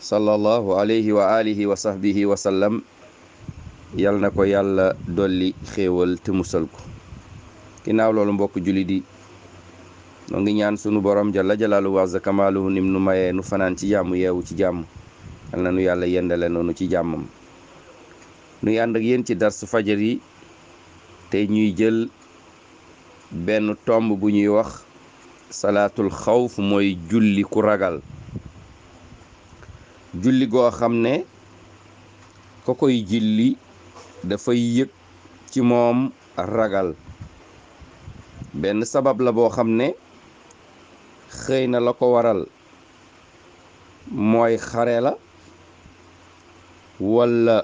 sallallahu alayhi wa alihi wa sahbihi wa sallam yal na ko yàlla dolli xéewal te musal ko ginnaaw loolu mbokk julli di noo ngi ñaan sunu borom jalla jalaalu wa zakamaaluhu nim nu mayee nu fanaan ci jàmm yeewu ci jàmm yal na nu yàlla yendale noonu ci jàmmam nuy ànd ak yéen ci darsu fajar yi te ñuy jël benn tomb bu ñuy wax salaatul xawf mooy julli ku ragal julli goo xam ne ko koy jilli dafay yëg ci moom ragal benn sabab la boo xam ne xëy na la ko waral mooy xare la walla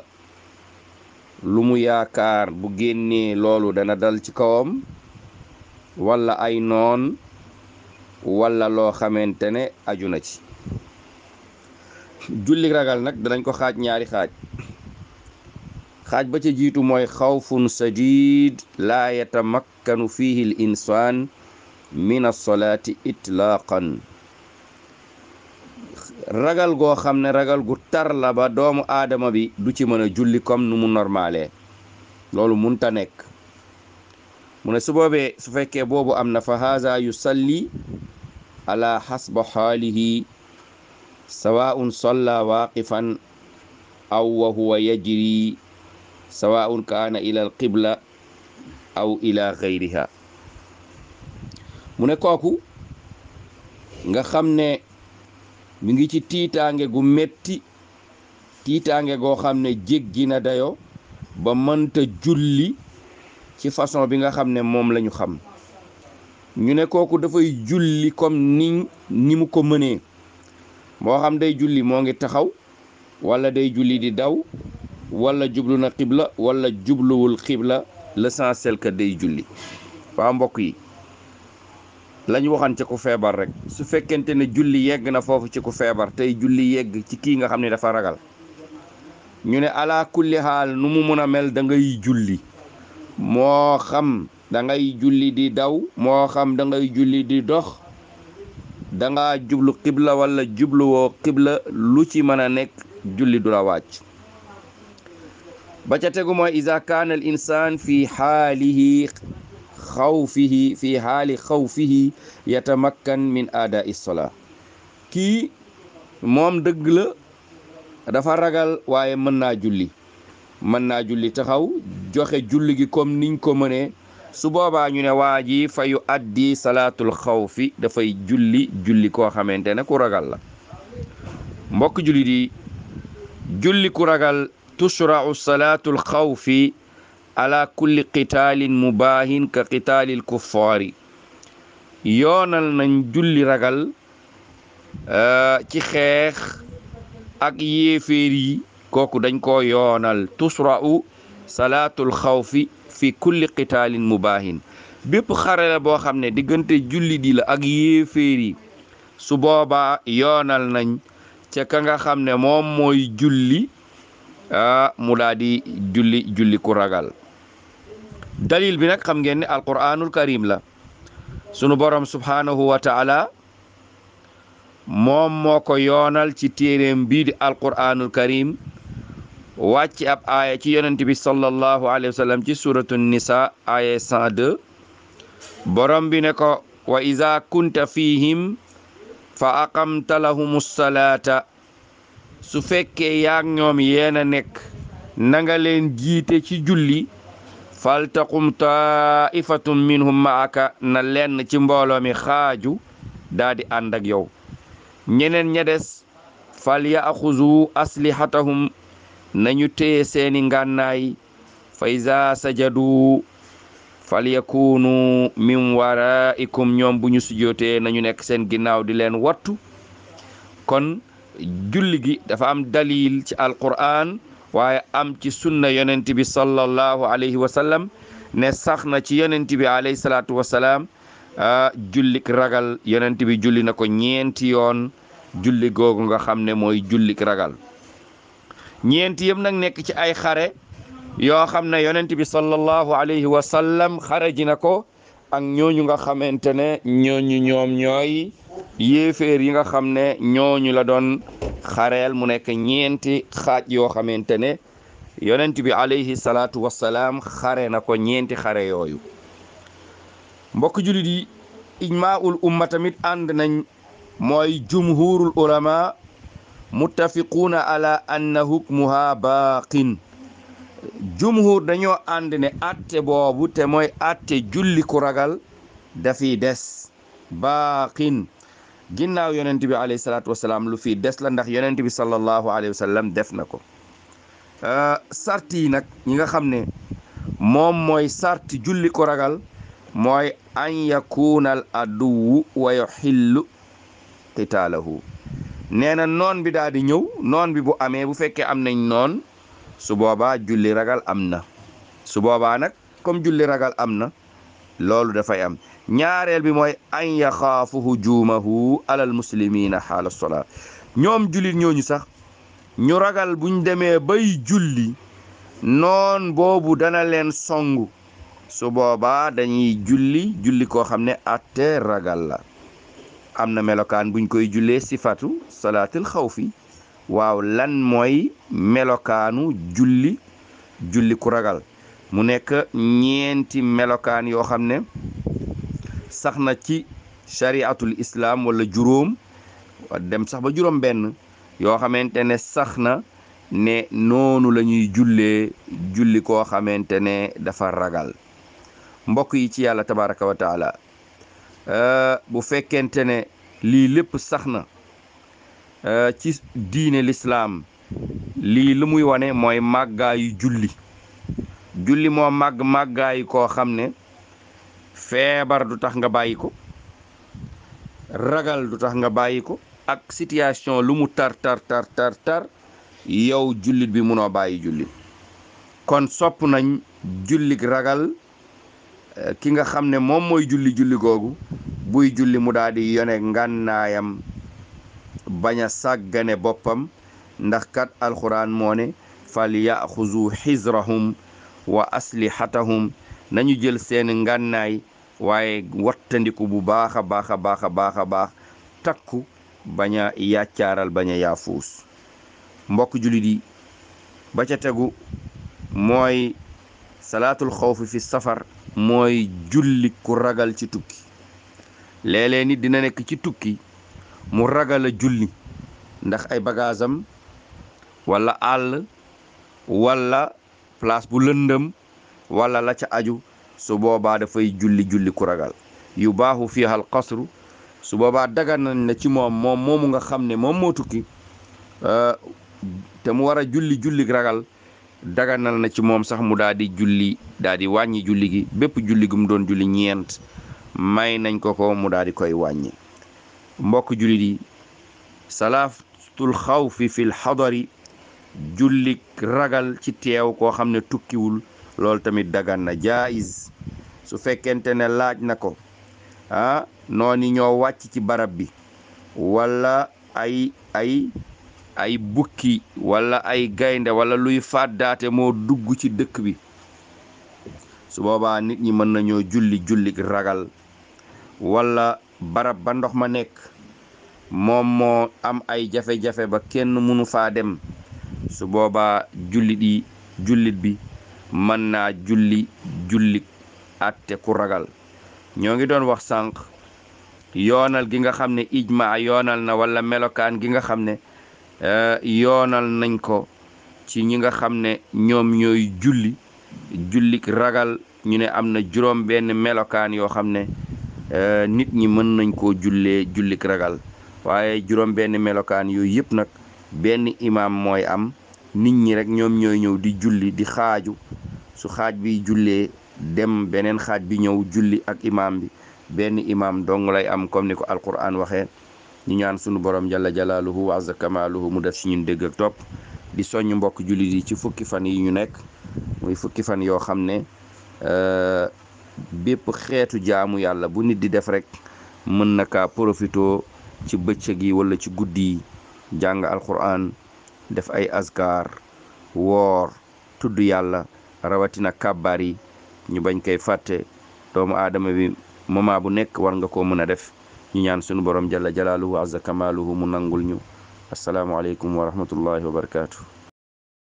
lu mu yaakaar bu génnee loolu dana dal ci kawam walla ay noon walla loo xamante ne aju na ci julli ragal nag danañ ko xaaj ñaari xaaj xaaj ba ca jiitu mooy xawfun sadid laa yatamakkanu fihi l insaan mina alsolaati itlaaqan ragal goo xam ne ragal gu tar la ba doomu aadama bi du ci mën a julli comme nu mu normaalee loolu ta nekk mu ne su su fekkee boobu am na fa yu yusalli ala xasba xaalihi sawaun solla waaqifan aw wa huwa yajri kaana ila al aw ila gayriha mu ne kooku nga xam ne mu ngi ci tiitaange gu metti tiitaange goo xam ne jéggi na dayo ba mënta julli ci façon bi nga xam ne moom lañu xam ñu ne kooku dafay julli comme niñ ni mu ko mënee moo xam day julli moo ngi taxaw wala day julli di daw wala jublu na xibla walla jubluwul xibla l'essentiel que day julli waa mbokk yi lañu waxan ci ku feebar rek su fekkente ne julli yegg na foofu ci ku feebar tey julli yegg ci kii nga xam ni dafa ragal ñu ne ala xaal nu mu mën a mel dangay ngay julli moo xam da julli di daw moo xam dangay julli di dox danga nga jublu xibla wala jubluwoo xibla lu ci mën a nekk julli du la wàcc ba ca tegu mooy iza kaana insaan fi xaalihi xaw fii xaali xawfihi yatamakkan min aadaa'i sola kii moom dëgg la dafa ragal waaye mën naa julli mën naa julli taxaw joxe julli gi comme niñ ko mënee su boobaa ñu ne waa ji fa yu addi salaatul xawfi dafay julli julli koo xamante ne ku ragal la mbokk julli di julli ku ragal tushrau salaatul xawfi ala kulli qitaalin mubaahin ka qitaalil kuffaari yoonal nañ julli ragal euh, ci xeex ak yéeféer yi kooku dañ ko yoonal tusra'u salaatul xawfi fi kulli qitaalin mubaahin bépp xare la boo xam ne diggante jullit yi la ak yéeféer yi su boobaa yoonal nañ ca ka nga xam ne moom mooy julli ah mu daal julli julli ragal dalil bi nag xam ngeen ne alquraanul karim la sunu borom subhaanahu wa moom moo ko yoonal ci téeréem bii di alquraanul karim wàcc ab aaya ci yonent bi sallallahu alayhi wa sallam ci suratu nisa aaya 102 borom bi ne ko wa iza kunta fihim fa aqamta lahumu salaata su fekkee yaag ñoom yéen a nekk na leen jiite ci julli faltaqum taifatum minhum maaka na lenn ci mbooloo mi xaaju daa di yow ñeneen ña fal yaxuzu aslihatahum nañu téye seeni ngànnaay fa izaa sajadu falyakunu min waraikum ñoom bu ñu sujootee nañu nekk seen ginnaaw di leen wattu kon julligi dafa am dalil ci alquran waaye am ci sunna yonent bi sallallahu alayhi wa sallam ne sax na ci yonent bi alayhi salaatu wa salaam jullik ragal yonent bi julli na ko ñeenti yoon julli googu nga xam ne mooy jullik ragal ñeenti yëpp nag nekk ci ay xare yoo xam ne yonent bi sallallahu alayhi wa sallam xare ji na ko ak ñooñu nga xamante ne ñooñu ñoom ñooy yéeféer yi nga xam ne ñooñu la doon xareel mu nekk ñeenti xaaj yoo xamante ne yonent bi alayhi salaatu wassalaam xare na ko ñeenti xare yooyu mbokk julit ijmaul umma tamit ànd nañ mooy jumhurul ulama muttafiquuna ala anna hukmuha baaqin jumhur dañoo ànd ne atte boobu te mooy atte julli ku ragal dafiy des baaqin ginnaaw yonent bi alayhi salaatu wasalaam lu fii des la ndax yonent bi sallallahu alayhi wa sallam def na ko euh, sart nag ñi nga xam ne moom mooy sart julli ko ragal mooy an yakuuna al aduwu wa yuxillu qitaalahu nee na noon bi daal di ñëw noon bi bu amee bu fekkee am nañ noon su boobaa julli ragal am na su boobaa nag comme julli ragal am na loolu dafay am ñaareel bi mooy an yaxaafu hujuumahu alal muslimina xaala solaa ñoom jullit ñooñu sax ñu ragal buñ demee bay julli noon boobu dana leen songu su boobaa dañuy julli julli koo xam ne atte ragal la am na melokaan buñ koy jullee sifaatu salaatil xawfi waaw lan mooy melokaanu julli julli ku ragal mu nekk ñeenti melokaan yoo xam ne sax na ci shari'atul islaam wala juróom dem sax ba juróom benn yoo xamante ne sax na ne noonu la ñuy jullee julli koo xamante ne dafa ragal mbokk yi ci yàlla tabaraka wa taala Euh, bu fekkente ne lii lépp sax na euh, ci diine lislaam lii lu muy wane mooy màggaayu julli julli moo màgg màggaayu koo xam ne feebar du tax nga bàyyi ko ragal du tax nga bàyyi ko ak situation lu mu tar tar tar tar yow jullit bi munoo bàyyi julli kon sopp nañ jullig ragal euh, ki nga xam ne moom mooy julli julli googu buy julli mu daal di yone ngànnaayam baña sàggane boppam ndax kat alxuraan moo ne fal yaxuzu xisrahum wa aslihatahum nañu jël seen ngànnaay waaye wattandiku bu baax a baax a baax a baax a baax takku bañ a yàccaaral bañ a mbokk julli yi ba ca tegu mooy salaatul xawfi fi safar mooy julli ku ragal ci tukki léeg nit dina nekk ci tukki mu ragal a julli ndax ay bagaasam wala àll walla place bu lëndëm walla la ca aju su boobaa dafay julli julli ku ragal yu baaxu fiha al su boobaa dagan na ci moom moom moomu nga xam ne moom moo tukki te mu war a julli julli ragal daganal na ci moom sax mu daal di julli daal di wàññi julli gi bépp julli gu mu doon julli ñeent may nañ ko ko mu daal koy wàññi mbokk jullit yi salaatul xawfi fil xadari jullik ragal ci teew koo xam ne tukkiwul loolu tamit dagan na jaiz su fekkente ne laaj na ko ah noonu ñoo wàcc ci barab bi wala ay ay ay bukki wala ay gaynde wala luy fàddaate moo dugg ci dëkk bi su boobaa nit ñi mën nañu julli jullik ragal wala barab ba ndox ma nekk moom moo am ay jafe-jafe ba kenn mënu faa dem su boobaa jullit jullit bi mën naa julli jullik at te ku ragal ñoo ngi doon wax sànq yoonal gi nga xam ne ijmaa yoonal na wala melokaan gi nga xam ne eh, yoonal nañ ko ci ñi nga xam ne ñoom ñooy julli jullik ragal ñu ne am na juróom benn melokaan yoo xam ne Eh, nit ñi mën nañ koo jullee jullik ragal waaye juróom benn melokaan yooyu yëpp nag benn imaam mooy am nit ñi rek ñoom ñooy ñëw di julli di xaaju su xaaj bi jullee dem beneen xaaj bi ñëw julli ak imaam bi benn imaam dong lay am comme ni ko alquran waxee ñu ñaan sunu borom jalla jalaaluhu wa azza kamaaluhu mu def si ñun dégg ak topp di soññ mbokk jullit yi ci fukki fan yi ñu nekk muy fukki fan yoo xam ne eh, bépp xeetu jaamu yàlla bu nit di def rek mën na kaa profitoo ci bëccëg yi walla ci guddi yi jàng alquran def ay azkar woor tudd yàlla rawatina kàbbaar yi ñu bañ kay fàtte doomu aadama bi moment bu nekk war nga koo mën a def ñu ñaan sunu borom jalla jalaaluhu azza kamaaluhu mu nangul ñu asalaamualeykum wa rahmatullahi wa barakaatu.